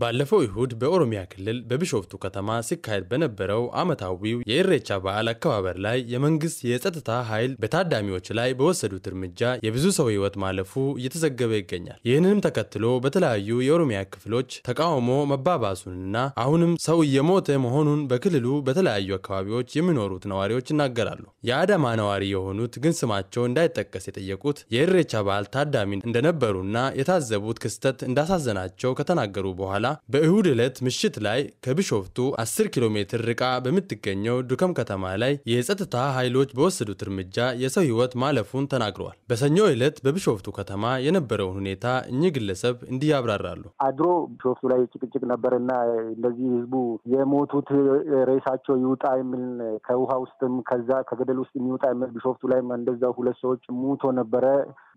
ባለፈው ይሁድ በኦሮሚያ ክልል በቢሾፍቱ ከተማ ሲካሄድ በነበረው ዓመታዊው የኢሬቻ በዓል አከባበር ላይ የመንግስት የጸጥታ ኃይል በታዳሚዎች ላይ በወሰዱት እርምጃ የብዙ ሰው ሕይወት ማለፉ እየተዘገበ ይገኛል። ይህንንም ተከትሎ በተለያዩ የኦሮሚያ ክፍሎች ተቃውሞ መባባሱንና አሁንም ሰው እየሞተ መሆኑን በክልሉ በተለያዩ አካባቢዎች የሚኖሩት ነዋሪዎች ይናገራሉ። የአዳማ ነዋሪ የሆኑት ግን ስማቸው እንዳይጠቀስ የጠየቁት የኢሬቻ በዓል ታዳሚ እንደነበሩና የታዘቡት ክስተት እንዳሳዘናቸው ከተናገሩ በኋላ በኋላ በእሁድ ዕለት ምሽት ላይ ከቢሾፍቱ 10 ኪሎ ሜትር ርቃ በምትገኘው ዱከም ከተማ ላይ የጸጥታ ኃይሎች በወሰዱት እርምጃ የሰው ሕይወት ማለፉን ተናግረዋል። በሰኞ ዕለት በቢሾፍቱ ከተማ የነበረውን ሁኔታ እኚህ ግለሰብ እንዲህ ያብራራሉ። አድሮ ቢሾፍቱ ላይ ጭቅጭቅ ነበርና እንደዚህ ህዝቡ የሞቱት ሬሳቸው ይውጣ የሚል ከውሃ ውስጥም ከዛ ከገደል ውስጥ የሚውጣ የሚል ቢሾፍቱ ላይም እንደዛ ሁለት ሰዎች ሙቶ ነበረ።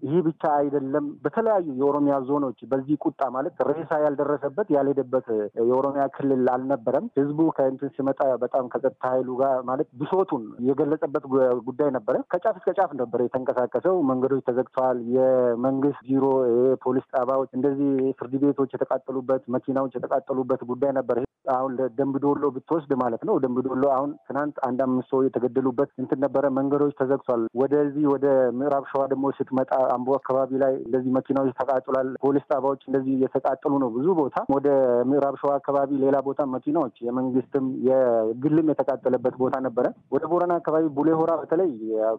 ይህ ብቻ አይደለም። በተለያዩ የኦሮሚያ ዞኖች በዚህ ቁጣ ማለት ሬሳ ያልደረሰበት ያልሄደበት የኦሮሚያ ክልል አልነበረም። ህዝቡ ከእንትን ሲመጣ በጣም ከጸጥታ ኃይሉ ጋር ማለት ብሶቱን የገለጸበት ጉዳይ ነበረ። ከጫፍ እስከ ጫፍ ነበረ የተንቀሳቀሰው። መንገዶች ተዘግተዋል። የመንግስት ቢሮ፣ የፖሊስ ጣቢያዎች፣ እንደዚህ ፍርድ ቤቶች የተቃጠሉበት፣ መኪናዎች የተቃጠሉበት ጉዳይ ነበር። አሁን ደምቢዶሎ ብትወስድ ማለት ነው። ደምቢዶሎ አሁን ትናንት አንድ አምስት ሰው የተገደሉበት እንትን ነበረ። መንገዶች ተዘግቷል። ወደዚህ ወደ ምዕራብ ሸዋ ደግሞ ስትመጣ አምቦ አካባቢ ላይ እንደዚህ መኪናዎች ተቃጥሏል። ፖሊስ ጣቢያዎች እንደዚህ እየተቃጠሉ ነው። ብዙ ቦታ ወደ ምዕራብ ሸዋ አካባቢ፣ ሌላ ቦታ መኪናዎች የመንግስትም የግልም የተቃጠለበት ቦታ ነበረ። ወደ ቦረና አካባቢ ቡሌሆራ በተለይ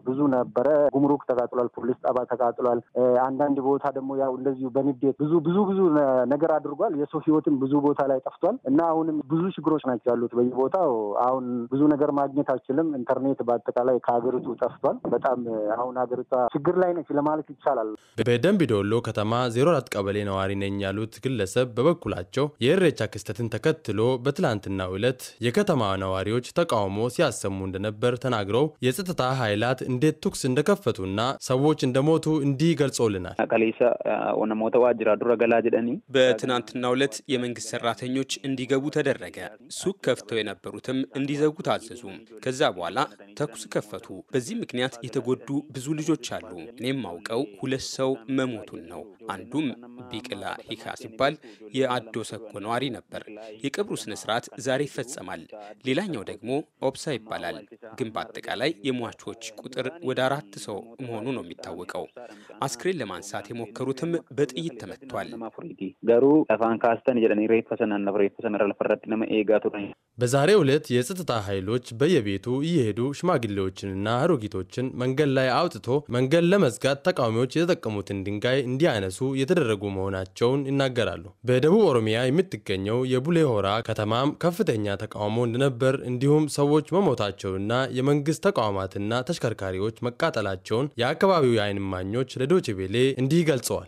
ብዙ ነበረ። ጉምሩክ ተቃጥሏል። ፖሊስ ጣቢያ ተቃጥሏል። አንዳንድ ቦታ ደግሞ ያው እንደዚሁ በንዴት ብዙ ብዙ ብዙ ነገር አድርጓል። የሰው ህይወትም ብዙ ቦታ ላይ ጠፍቷል እና አሁንም ብዙ ችግሮች ናቸው ያሉት በየቦታው። አሁን ብዙ ነገር ማግኘት አልችልም። ኢንተርኔት በአጠቃላይ ከሀገሪቱ ጠፍቷል። በጣም አሁን ሀገሪቷ ችግር ላይ ነች ለማለት ይቻላል። በደምቢዶሎ ከተማ 04 ቀበሌ ነዋሪ ነኝ ያሉት ግለሰብ በበኩላቸው የእሬቻ ክስተትን ተከትሎ በትላንትናው ዕለት የከተማ ነዋሪዎች ተቃውሞ ሲያሰሙ እንደነበር ተናግረው የጸጥታ ኃይላት እንዴት ቱክስ እንደከፈቱና ሰዎች እንደሞቱ እንዲህ ገልጾልናል። በትናንትናው ዕለት የመንግስት ሰራተኞች እንዲገቡ ተደረገ። ሱቅ ከፍተው የነበሩትም እንዲዘጉ ታዘዙ። ከዛ በኋላ ተኩስ ከፈቱ። በዚህ ምክንያት የተጎዱ ብዙ ልጆች አሉ። እኔም አውቀው ሁለት ሰው መሞቱን ነው። አንዱም ቢቅላ ሂካ ሲባል የአዶ ሰኮ ነዋሪ ነበር። የቀብሩ ስነ ስርዓት ዛሬ ይፈጸማል። ሌላኛው ደግሞ ኦብሳ ይባላል። ግን በአጠቃላይ የሟቾች ቁጥር ወደ አራት ሰው መሆኑ ነው የሚታወቀው። አስክሬን ለማንሳት የሞከሩትም በጥይት ተመቷል። በዛሬ ዕለት የጸጥታ ኃይሎች በየቤቱ እየሄዱ ሽማግሌዎችንና አሮጊቶችን መንገድ ላይ አውጥቶ መንገድ ለመዝጋት ተቃውሞ ተቃዋሚዎች የተጠቀሙትን ድንጋይ እንዲያነሱ የተደረጉ መሆናቸውን ይናገራሉ። በደቡብ ኦሮሚያ የምትገኘው የቡሌ ሆራ ከተማም ከፍተኛ ተቃውሞ እንደነበር እንዲሁም ሰዎች መሞታቸውና የመንግስት ተቋማትና ተሽከርካሪዎች መቃጠላቸውን የአካባቢው የአይን እማኞች ለዶይቼ እንዲህ ገልጸዋል።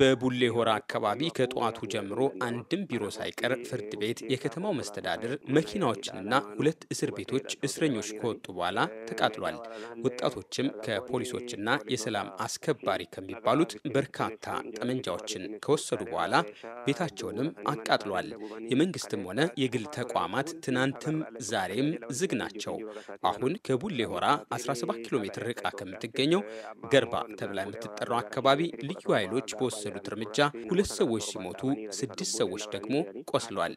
በቡሌ ሆራ አካባቢ ከጠዋቱ ጀምሮ አንድም ቢሮ ሳይቀር ፍርድ ቤት፣ የከተማው መስተዳድር መኪናዎችንና ሁለት እስር ቤቶች እስረኞች ከወጡ በኋላ ተቃጥሏል። ወጣቶችም ከፖሊሶችና የሰላም አስከባሪ ከሚባሉት በርካታ ጠመንጃዎችን ከወሰዱ በኋላ ቤታቸውንም አቃጥሏል። የመንግስትም ሆነ የግል ተቋማት ትናንትም ዛሬም ዝግ ናቸው። አሁን ከቡሌ ሆራ 17 ኪሎ ሜትር ርቃ ከምትገኘው ገርባ ተብላ የምትጠራው አካባቢ ልዩ ኃይሎች በወሰዱት እርምጃ ሁለት ሰዎች ሲሞቱ ስድስት ሰዎች ደግሞ ቆስሏል።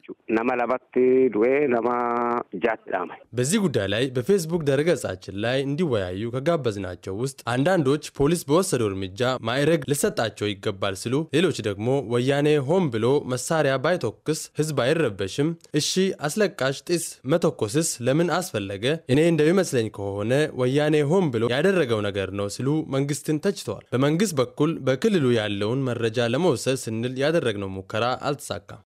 በዚህ ጉዳይ ላይ በፌስቡክ ድረገጻችን ላይ እንዲወያዩ ከጋበዝናቸው ውስጥ አንዳንዶች ፖሊስ በወሰደው እርምጃ ማዕረግ ልሰጣቸው ይገባል ሲሉ፣ ሌሎች ደግሞ ወያኔ ሆን ብሎ መሳሪያ ባይተኩስ ህዝብ አይረበሽም፣ እሺ አስለቃሽ ጢስ መተኮስስ ለምን አስፈለገ? እኔ እንደሚመስለኝ ከሆነ ወያኔ ሆን ብሎ ያደረገው ነገር ነው ሲሉ መንግስትን ተችተዋል። በመንግስት በኩል በክልሉ ያለውን መረጃ ለመውሰድ ስንል ያደረግነው ሙከራ አልተሳካም።